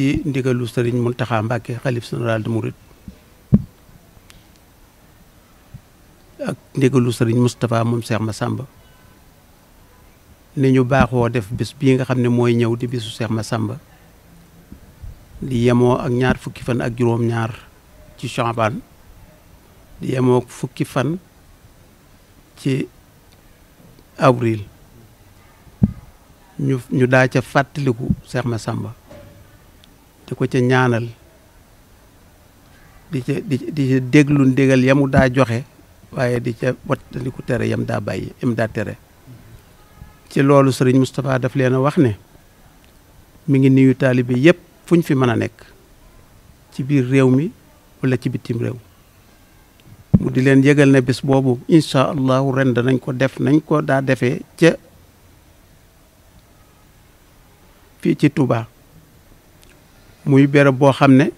ci ndigalu sëriñ Muntaxa Mbàkke xalif général de Mouride ak ndigalu sëriñ Moustapha moom Cheikh Massamba ni ñu baaxoo def bis bii nga xam ne mooy ñëw di bisu ma samba di yemoo ak ñaar fukki fan ak juróom-ñaar ci Chaabaan di yemoo fukki fan ci avril ñu ñu daa ca fàttaliku Cheikh Massamba di ko ca ñaanal di ca di di ca déglu ndigal yamu daa joxe waaye di ca wattandiku tere yam daa bàyyi yam daa tere ci loolu sëriñ Moustapha daf leen a wax ne mu ngi nuyu taalibe yépp fu ñu fi mën a nekk ci biir réew mi wala ci bitim réew mu di leen yëgal na bés boobu incha allahu rend nañ ko def nañ ko daa defee ca fii ci tubaa muy béréb boo xam ne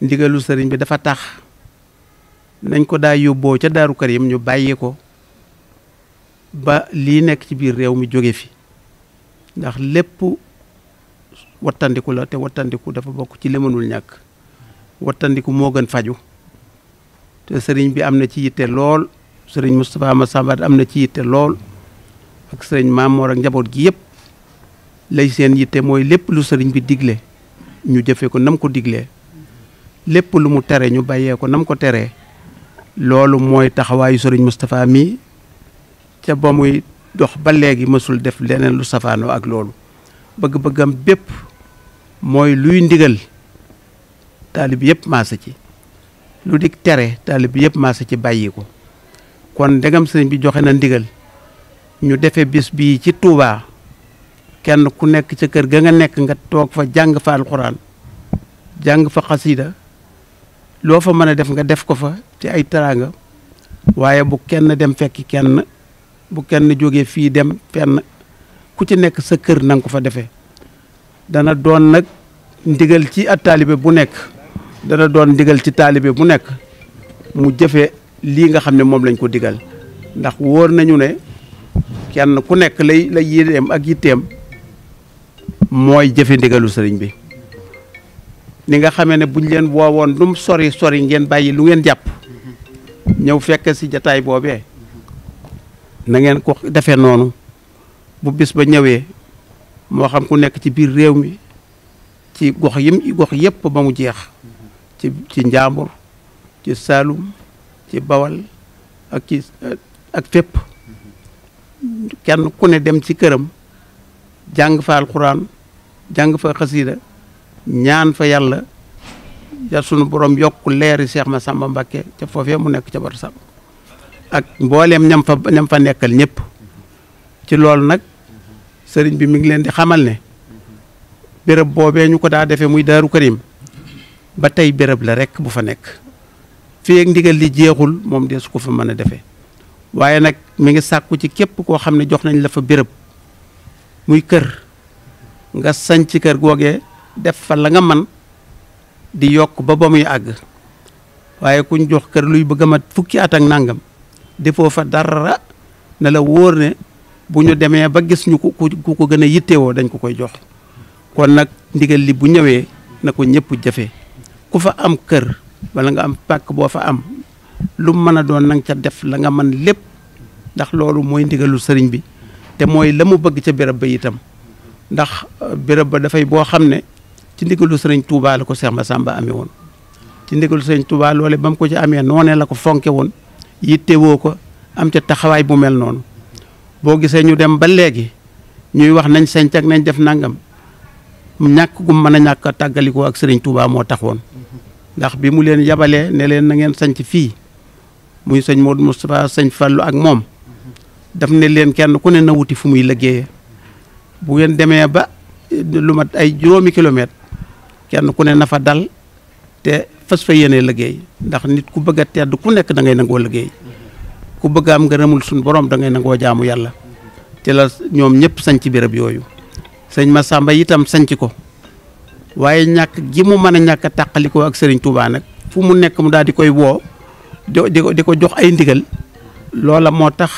ndigalu sëriñ bi dafa tax nañ ko daa yóbboo ca daaru yi mu ñu bàyyi ko ba lii nekk ci biir réew mi jóge fi ndax lépp wattandiku la te wattandiku dafa bokk ci li mënul ñàkk wattandiku moo gën faju te sëriñ bi am na ci yitte lool sëriñ ma Massambat am na ci yitte lool ak sëriñ Mamoor ak njaboot gi yëpp lay seen yitte mooy lépp lu sëriñ bi digle ñu jëfee ko nam ko diglee lépp lu mu tere ñu bàyyeeko nam ko teree loolu mooy taxawaayu soriñ Moustapha mii ca ba muy dox ba léegi mësul def leneen lu safaanoo ak loolu bëgg-bëggam bépp mooy luy ndigal taalib yëpp maasa ci lu dikk tere taalib yëpp maasa ci bàyyi ko kon ndegam sëriñ bi joxe na ndigal ñu defe bis bi ci tuubaa kenn ku nekk ca kër ga nga nekk nga toog fa jàng fa alxuraan jàng fa xasida loo fa mën a def nga def ko fa ci ay teraanga waaye bu kenn dem fekki kenn bu kenn jógee fii dem fenn ku ci nekk sa kër na ko fa defee dana doon nag ndigal ci at taalibe bu nekk dana doon ndigal ci taalibe bu nekk mu jëfe lii nga xam ne moom lañ ko digal ndax wóor nañu ne kenn ku nekk lay lay yéeneem ak yitteem mooy jëfe ndigalu sëriñ bi ni nga xamee ne buñ leen woowoon lu mu sori sori ngeen bàyyi lu ngeen jàpp ñëw fekk si jataay boobee na ngeen ko defee noonu bu bis ba ñëwee moo xam ku nekk ci biir réew mi ci gox yim gox yëpp ba mu jeex ci ci Njàmbur ci Saalum ci Bawal ak ci ak fépp kenn ku ne dem ci këram jàng fa alxuraan jàng fa xasiida ñaan fa yàlla ya sunu borom yokk leeri Cheikh Massamba Mbacké ca foofee mu nekk ca bar sam ak mbooleem ñam fa ñam fa nekkal ñëpp ci loolu nag sëriñ bi mu ngi leen di xamal ne béréb boobee ñu ko daa defee muy Daaru Karim ba tey béréb la rekk bu fa nekk fii ak ndigal li jeexul moom su ko fa mën a defee waaye nag mu ngi sàkku ci képp koo xam ne jox nañ la fa béréb muy kër nga sañc kër googee def fa la nga man di yokk ba ba muy àgg waaye kuñ jox kër luy bëgg a mat fukki at ak nangam defoo fa dara na la wóor ne bu ñu demee ba gis ñu ku ku ko gën a yittewoo dañ ko koy jox kon nag ndigal li bu ñëwee na ko ñëpp jafe ku fa am kër wala nga am pàkk boo fa am lu mën a doon nang ca def la nga man lépp ndax loolu mooy ndigalu sëriñ bi te mooy la mu bëgg ca béréb ba itam ndax euh, béréb ba dafay boo xam ne ci ndigalu sëriñ Touba la ko ma sàmba amee woon ci ndigalu sëriñ Touba loole ba mu ko ci amee noonee la ko fonke woon yittewoo ko am ca taxawaay bu mel noonu boo gisee ñu dem ba léegi ñuy wax nañ sanc ak nañ def nangam ñàkk gum mën a ñàkk a tàggalikoo ak sëriñ tuubaa moo taxoon ndax bi mu leen yabalee ne leen na ngeen sanc fii muy sëñ Modou Moustapha sëñ Fallou ak moom daf ne leen kenn ku ne na wuti fu muy liggéeyee bu ngeen demee ba eh, lu mat ay juróomi kilomètre kenn ku ne nafa dal te fas fa yéenee liggéey ndax nit ku bëgg a tedd ku nekk da ngay nangoo liggéey ku bëgg am nga rëmul suñu borom da ngay nangoo jaamu yàlla te la ñoom ñëpp sanc béréb yooyu sëñ Massamba itam sanc ko waaye ñàkk gi mu mën a ñàkk a tàqalikoo ak sëriñ Touba nag fu mu nekk mu daal di koy woo di ko di ko jox ay ndigal loola moo tax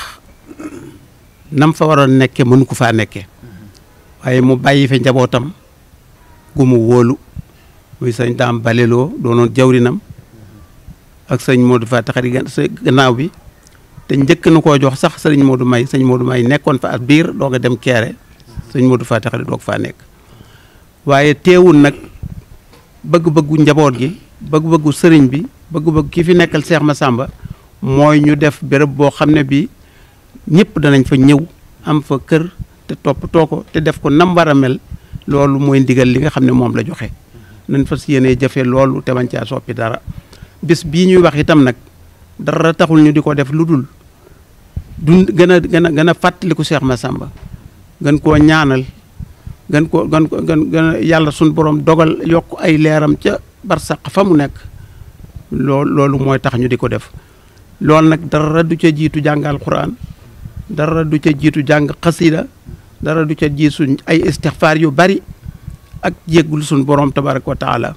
nam fa waroon nekke mënu ko faa nekke waaye mu bàyyi fi njabootam gu mu wóolu muy sëñ daam baleloo doonoon jawrinam ak sëñ Modou Faty Khary gannaaw bi te njëkk na ko jox sax sëñ Modou May sëñ Modou May nekkoon fa at biir doo nga dem keere sëñ Modou Faty Khary doog faa nekk waaye teewul nag bëgg-bëggu njaboot gi bëgg-bëggu sëriñ bi bëgg-bëgg ki fi nekkal Seex sàmba mooy ñu def bërëb boo xam ne bi ñëpp danañ fa ñëw am fa kër te toppatoo ko te def ko nam war a mel loolu mooy ndigal li nga xam ne moom la joxe nañ fas yéenee jëfe loolu te bañ caa soppi dara bis bii ñuy wax itam nag dara taxul ñu di ko def lu dul du gën a gën a gën a fàttaliku Cheikh Massamba gën koo ñaanal gën ko gën gën a yàlla suñ borom dogal yokk ay leeram ca barsàq fa mu nekk loolu loolu mooy tax ñu di ko def loolu nag dara du ca jiitu jàng alquran dara du ca jiitu jàng xasida dara du ca ji ay istixfaar yu bari ak jéggul suñ borom tabaraka wa taala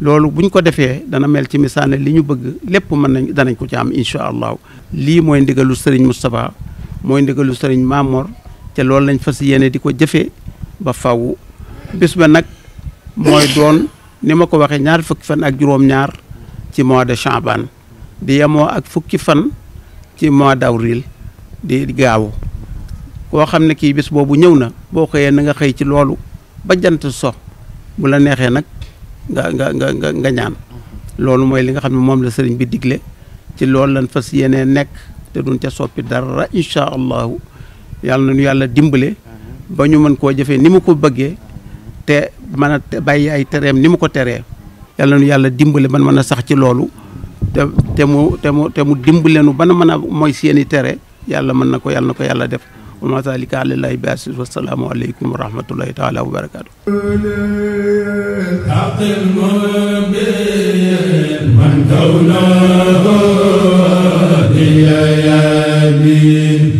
loolu buñ ko defee dana mel ci misaane li ñu bëgg lépp mën nañ danañ ko ci am incha allah lii mooy ndigalu sëriñ Moustapha mooy ndigalu sëriñ Mamor te loolu lañ fas yéene di ko jëfe ba faw bis ba nag mooy doon ni ma ko waxee ñaar fukki fan ak juróom-ñaar ci mois de Chaban di yemoo ak fukki fan ci mois d'avril di gaawu koo xam ne kii bis boobu ñëw na boo xëyee na nga xëy ci loolu ba jant so bu la neexee nag nga nga nga ñaan loolu mooy li nga xam ne moom la sëriñ bi digle ci loolu lan fas yéenee nekk te duñ ca soppi dara incha allahu yàlla nañu yàlla dimbale ba ñu mën koo jëfee ni mu ko bëggee te mën a bàyyi ay tereem ni mu ko teree yàlla yàlla dimbale ban mën a sax ci loolu te te mu te mu te mu dimbale nu ban mën a mooy seeni tere yàlla mën na ko yàlla na ko yàlla def wa ma zalika alallaahi bi aziz wa salaamu aleykum wa rahmatullahi taala wa barakaatu